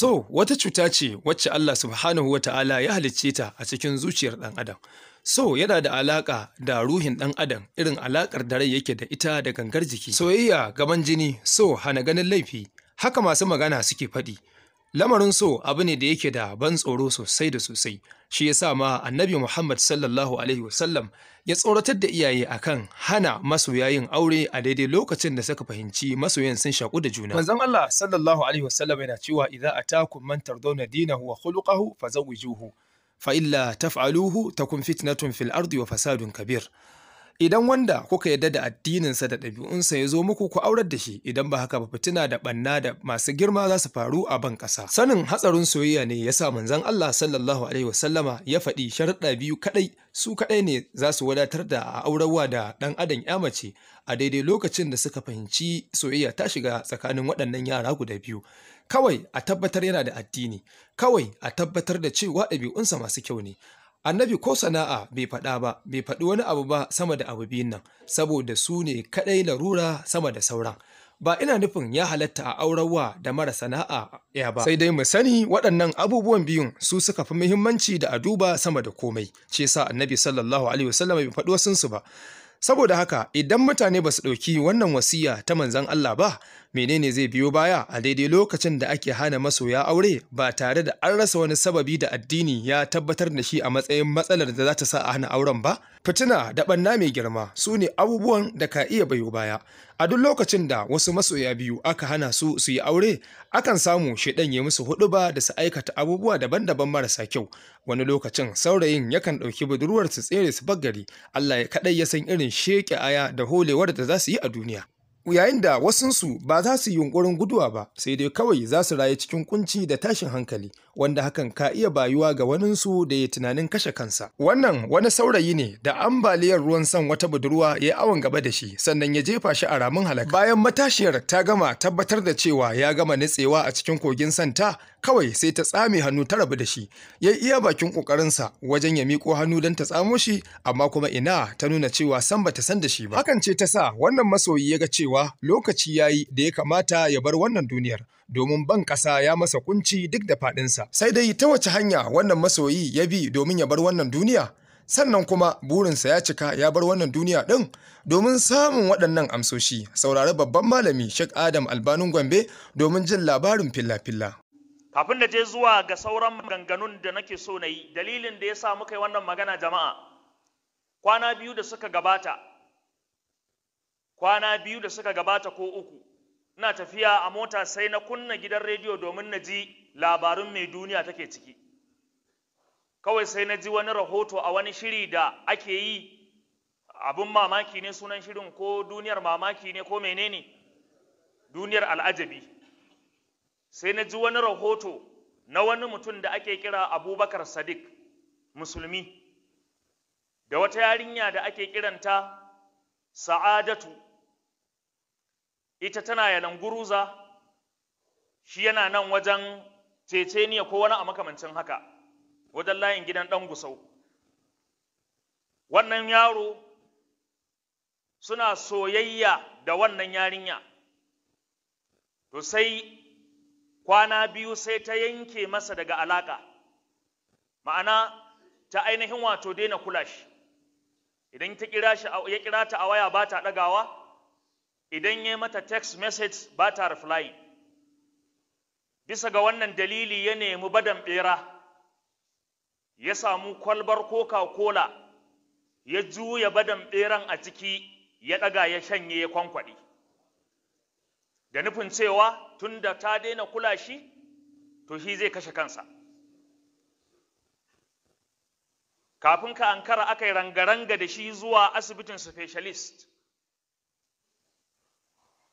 So, wata cuta ce wacce Allah subhanahu wa ta'ala ya halicce ta a cikin zuciyar ɗan adam. So, yana da alaƙa da ruhin ɗan adam irin alaƙar da rai yake da ita da gangar jiki. Soyayya gaban jini, so hana ganin laifi, haka masu magana suke faɗi. Lamarin so abu ne da yake da ban tsoro sosai da sosai, shi ya sa ma annabi Muhammad sallallahu Alaihi wasallam ya tsoratar da iyaye akan hana masoya yin aure a daidai lokacin da suka fahimci masoyan sun shaku da juna. Manzon Allah sallallahu Alaihi wasallam yana cewa idza atakum man tardawna dinahu wa khuluquhu fazawwijuhu fa illa taf'aluhu takun fitnatun fil ardi wa fasadun kabir. Idan wanda kuka yarda da addininsa da ɗabi'unsa ya zo muku ku aurar da shi idan ba haka ba fitina da ɓanna da masu girma za su faru a ban ƙasa. Sanin hatsarin soyayya ne ya sa manzon Allah sallallahu alaihi wasallama ya faɗi sharuɗa biyu kaɗai su kaɗai ne za su wadatar da a aurarwa da ɗan adam ya mace a daidai lokacin da suka fahimci soyayya ta shiga tsakanin waɗannan yara guda biyu. Kawai a tabbatar yana da addini, kawai a tabbatar da cewa ɗabi'unsa masu kyau ne, annabi ko sana'a bai faɗa ba bai faɗi wani abu ba sama da abu biyun nan saboda su ne kaɗai larura sama da sauran ba ina nufin ya halatta a aurarwa da mara sana'a ya ba sai dai mu sani waɗannan abubuwan biyun su suka fi muhimmanci da a duba sama da komai ce sa annabi sallallahu alaihi wasallam bai faɗi wasunsu ba saboda haka idan mutane ba su ɗauki wannan wasiya ta manzan Allah ba menene zai biyo baya a daidai lokacin da ake hana masoya aure ba tare da an rasa wani sababi da addini ya tabbatar da shi a matsayin matsalar da za ta sa a hana auren ba fitina da ɓanna mai girma su ne abubuwan da ka iya bayo baya a duk lokacin da wasu masoya biyu aka hana su su yi aure akan samu shaidan ya musu hudu ba da su aikata abubuwa daban-daban marasa kyau wani lokacin saurayin yakan ɗauki budurwar su tsere su baggari Allah ya kaɗai ya san irin sheƙe aya da holewar da za su yi a duniya yayin da wasunsu ba za su yi yunkurin guduwa ba sai dai kawai za su raye cikin kunci da tashin hankali wanda hakan ka iya bayuwa ga waninsu da ya tunanin kashe kansa wannan wani saurayi ne da ambaliyar ruwan san wata budurwa ya yi awon gaba da shi sannan ya jefa shi a ramin halaka bayan matashiyar ta gama tabbatar da cewa ya gama nitsewa a cikin kogin santa kawai sai ta tsame hannu ta rabu da shi ya iya bakin ƙoƙarinsa wajen ya miko hannu don ta tsamo shi amma kuma ina ta nuna cewa san bata san da shi ba hakan ce ta sa wannan masoyi ya ga cewa lokaci yayi da ya kamata ya bar wannan duniyar domin ban ƙasa ya masa kunci duk da faɗinsa sai dai ta wace hanya wannan masoyi ya bi domin ya bar wannan duniya sannan kuma burinsa ya cika ya bar wannan duniya ɗin domin samun waɗannan amsoshi saurari babban malami shek Adam Albanun Gombe domin jin labarin filla-filla. kafin da je zuwa ga sauran maganganun da nake so na yi dalilin da ya sa muka yi wannan magana jama'a kwana biyu da suka gabata kwana biyu da suka gabata ko uku ina tafiya a mota sai na kunna gidan rediyo domin na ji labarin mai duniya take ciki kawai sai na ji wani rahoto a wani shiri da ake yi abin mamaki ne sunan shirin ko duniyar mamaki ne ko menene duniyar al'ajabi sai na ji wani rahoto na wani mutum da ake kira abubakar sadiq musulmi da wata yarinya da ake kiranta sa'adatu ita tana yalan guruza shi yana nan wajen ceceniya ko wani a makamancin haka wajen layin gidan ɗan gusau wannan yaro suna soyayya da wannan yarinya to sai kwana biyu sai ta yanke masa daga alaƙa ma'ana ta ainihin wato daina kula shi idan ta kira shi ya kira ta a waya ba ta ɗagawa idan ya mata text message ba ta reply bisa ga wannan dalili ya nemi badan ɓera ya samu kwalbar coca-cola ya juya badan ɓeran a ciki ya ɗaga ya shanye ya kwankwaɗe da nufin cewa tunda ta daina kula shi to shi zai kashe kansa kafin ka ankara aka yi rangaranga da shi zuwa asibitin specialist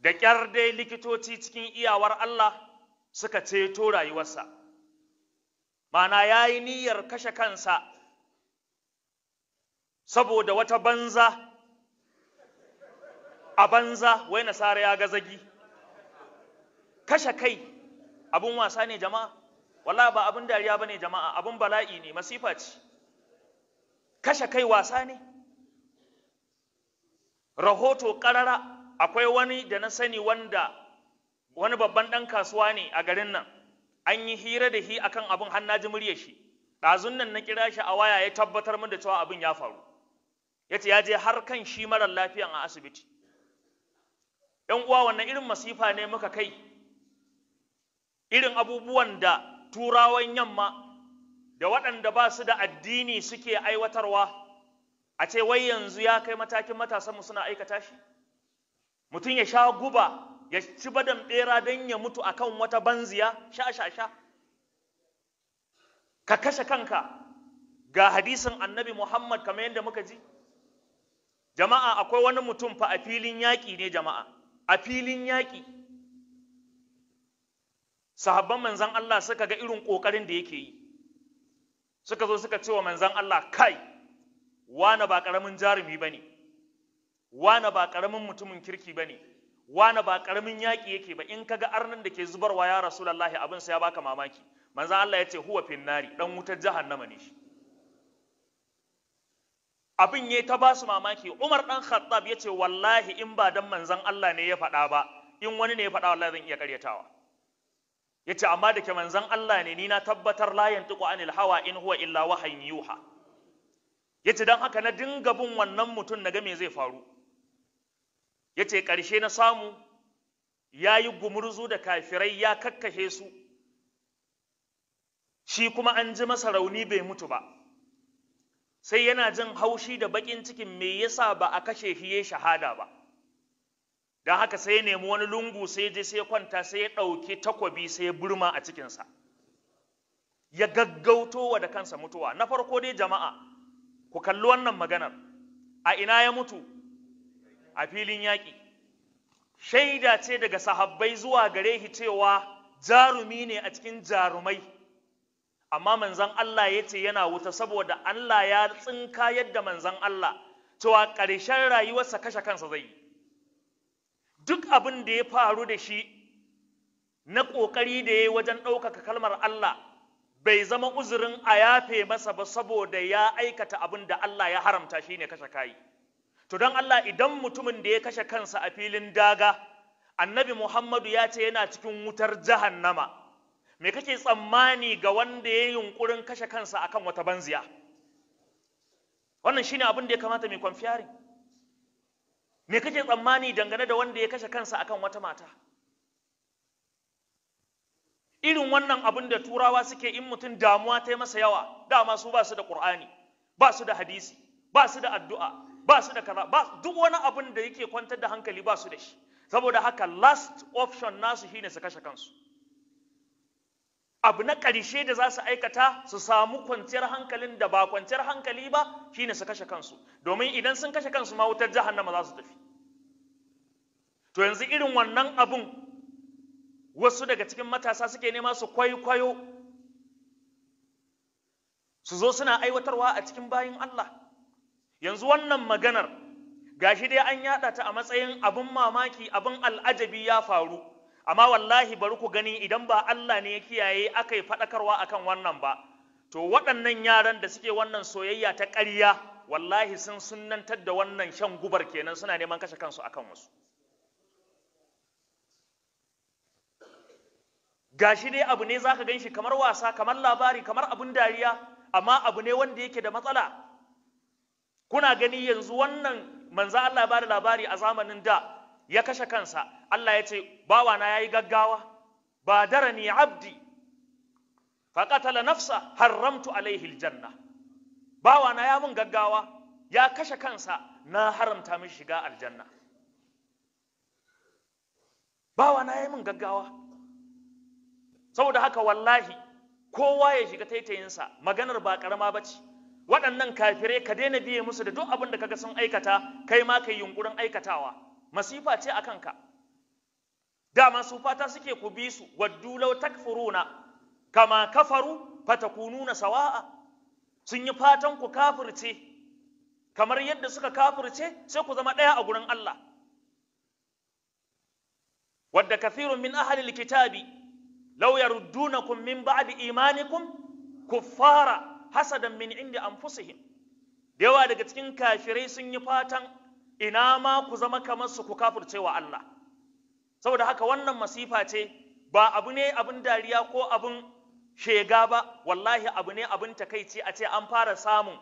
da ƙyar dai likitoci cikin iyawar Allah suka ceto rayuwarsa mana ya yi niyyar kashe kansa saboda wata banza a banza wai nasara ya ga zagi kashe kai abun wasa ne jama'a wala ba abun dariya bane jama'a abun bala'i ne masifa ce kashe kai wasa ne rahoto karara akwai wani da na sani wanda wani babban ɗan kasuwa ne a garin nan an yi hira da hi akan abun hannaji murya shi ɗazun nan na kira shi a waya ya tabbatar min da cewa abin ya faru ya ya je har kan shi marar lafiyan a asibiti ‘yan uwa wannan irin masifa ne muka kai irin abubuwan da turawan yamma da waɗanda ba su da addini suke aiwatarwa a ce wai yanzu ya kai matakin matasanmu suna aikata shi mutum ya sha guba ya ci badan ɓera don ya mutu a kan wata banziya sha sha sha ka kashe kanka ga hadisin annabi muhammad kamar yadda muka ji jama'a akwai wani mutum fa a filin yaƙi ne jama'a a filin yaƙi sahabban manzan Allah suka ga irin ƙoƙarin da yake yi suka zo suka ce wa manzan Allah kai wane ba ƙaramin jarumi ba ne wane ba ƙaramin mutumin kirki ba ne wane ba ƙaramin yaƙi yake ba in kaga arnan da ke zubarwa ya rasulallahi abin sa ya baka mamaki manzan Allah ya ce huwa finnari dan wutar jahannama ne shi abin ya ta ba mamaki umar dan khattab ya ce wallahi in ba dan manzan Allah ne ya faɗa ba in wani ne ya faɗa wallahi zan iya karyatawa yace amma da ke manzon Allah ne ni na tabbatar la yantiqu anil hawa in huwa illa wahyin yuha yace dan haka na dinga bin wannan mutum naga me zai faru yace ƙarshe na samu yayi gumurzu da kafirai ya kakkashe su shi kuma an ji masa rauni bai mutu ba sai yana jin haushi da bakin cikin me yasa ba a kashe shi yayi shahada ba don haka sai ya nemi wani lungu sai je sai kwanta sai ya ɗauki takwabi sai ya burma a cikinsa ya gaggauto wa da kansa mutuwa na farko dai jama'a ku kalli wannan maganar a ina ya mutu a filin yaƙi shaida ce daga sahabbai zuwa gare shi cewa jarumi ne a cikin jarumai amma manzan Allah ya ce yana wuta saboda Allah ya tsinka yadda manzan Allah cewa ƙarshen rayuwarsa kashe kansa zai yi duk abin da ya faru da shi na ƙoƙari da ya yi wajen ɗaukaka kalmar Allah bai zama uzurin a yafe masa ba saboda ya aikata abin da Allah ya haramta shi ne kashe kayi. To don Allah idan mutumin da ya kashe kansa a filin daga, annabi Muhammadu ya ce yana cikin wutar jahannama. Me kake tsammani ga wanda ya yi yunƙurin kashe kansa akan wata banziya? Wannan shi ne abin da ya kamata mai kwamfiyarin. me kake tsammani dangane da wanda ya kashe kansa akan wata mata irin wannan abin da turawa suke in mutum damuwa ta masa yawa dama su ba su da qur'ani ba su da hadisi ba su da addu'a ba su da kaza duk wani abin da yake kwantar da hankali ba su da shi saboda haka last option nasu shine su kashe kansu abu na ƙarshe da za su aikata su samu kwanciyar hankalin da ba kwanciyar hankali ba shine su kashe kansu domin idan sun kashe kansu ma wutar jahannama za su tafi to yanzu irin wannan abun wasu daga cikin matasa suke nema su kwaikwayo su zo suna aiwatarwa a cikin bayin Allah yanzu wannan maganar gashi dai an yada ta a matsayin abin mamaki abin al'ajabi ya faru amma wallahi bari ku gani idan ba Allah ne ya kiyaye aka yi faɗakarwa akan wannan ba to waɗannan yaran da suke wannan soyayya ta ƙarya wallahi sun sunantar da wannan shan gubar kenan suna neman kashe kansu akan wasu gashi dai abu ne zaka gan shi kamar wasa kamar labari kamar abun dariya amma abu ne wanda yake da matsala kuna gani yanzu wannan manzo Allah ba da labari a zamanin da ya kashe kansa Allah ya ce bawana yayi gaggawa ba darani abdi faqatala nafsa haramtu alaihi aljanna bawana ya mun gaggawa ya kashe kansa na haramta mishi shiga aljanna bawana yayi mun gaggawa saboda haka wallahi kowa ya shiga taitayinsa maganar ba karama ba ce waɗannan kafirai ka daina biye musu da duk abin da kaga sun aikata kai ma kai yunkurin aikatawa masifa ce a kanka Da su fata suke ku bi su waddu takfuruna kama kafaru fatakununa sawa'a sun yi fatan ku kafirce kamar yadda suka kafirce sai ku zama ɗaya a gurin Allah wadda kafirun min ahli kitabi. لو يردونكم min بعد imanikum كفارا حسدا min indi anfusihim da yawa daga cikin kafirai sun yi fatan ina ma ku zama kamar su ku kafircewa Allah saboda haka wannan masifa ce ba abu ne abin dariya ko abin shega ba wallahi abu ne abin takaici a ce an fara samun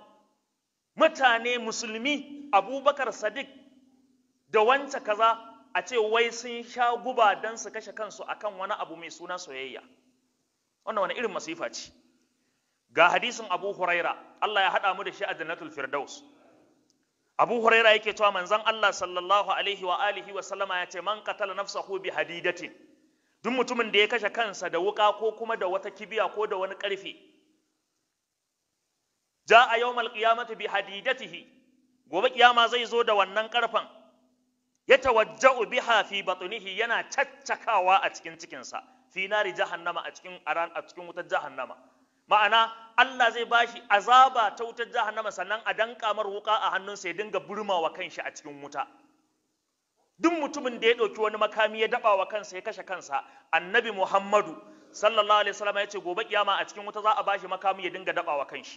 mutane musulmi abubakar sadiq da wancan kaza a ce wai sun sha guba don su kashe kansu akan wani abu mai suna soyayya wannan wani irin masifa ce ga hadisin abu huraira Allah ya haɗa mu da shi a jannatul firdaus abu huraira yake cewa manzon Allah sallallahu alaihi wa alihi wa sallama ya ce man qatala nafsahu bi hadidatin duk mutumin da ya kashe kansa da wuka ko kuma da wata kibiya ko da wani karfe ja a yawmal qiyamati bi hadidatihi gobe kiyama zai zo da wannan karfan ya tawajja biha fi batunihi yana caccakawa a cikin cikinsa fi nari jahannama a cikin a cikin wutar jahannama ma'ana Allah zai bashi azaba ta wutar jahannama sannan a danka mar wuka a hannunsa ya dinga burmawa kanshi a cikin wuta duk mutumin da ya ɗauki wani makami ya daba wa kansa ya kashe kansa annabi Muhammadu sallallahu alaihi wasallam ya ce gobe kiyama a cikin wuta za a bashi makami ya dinga daba wa kanshi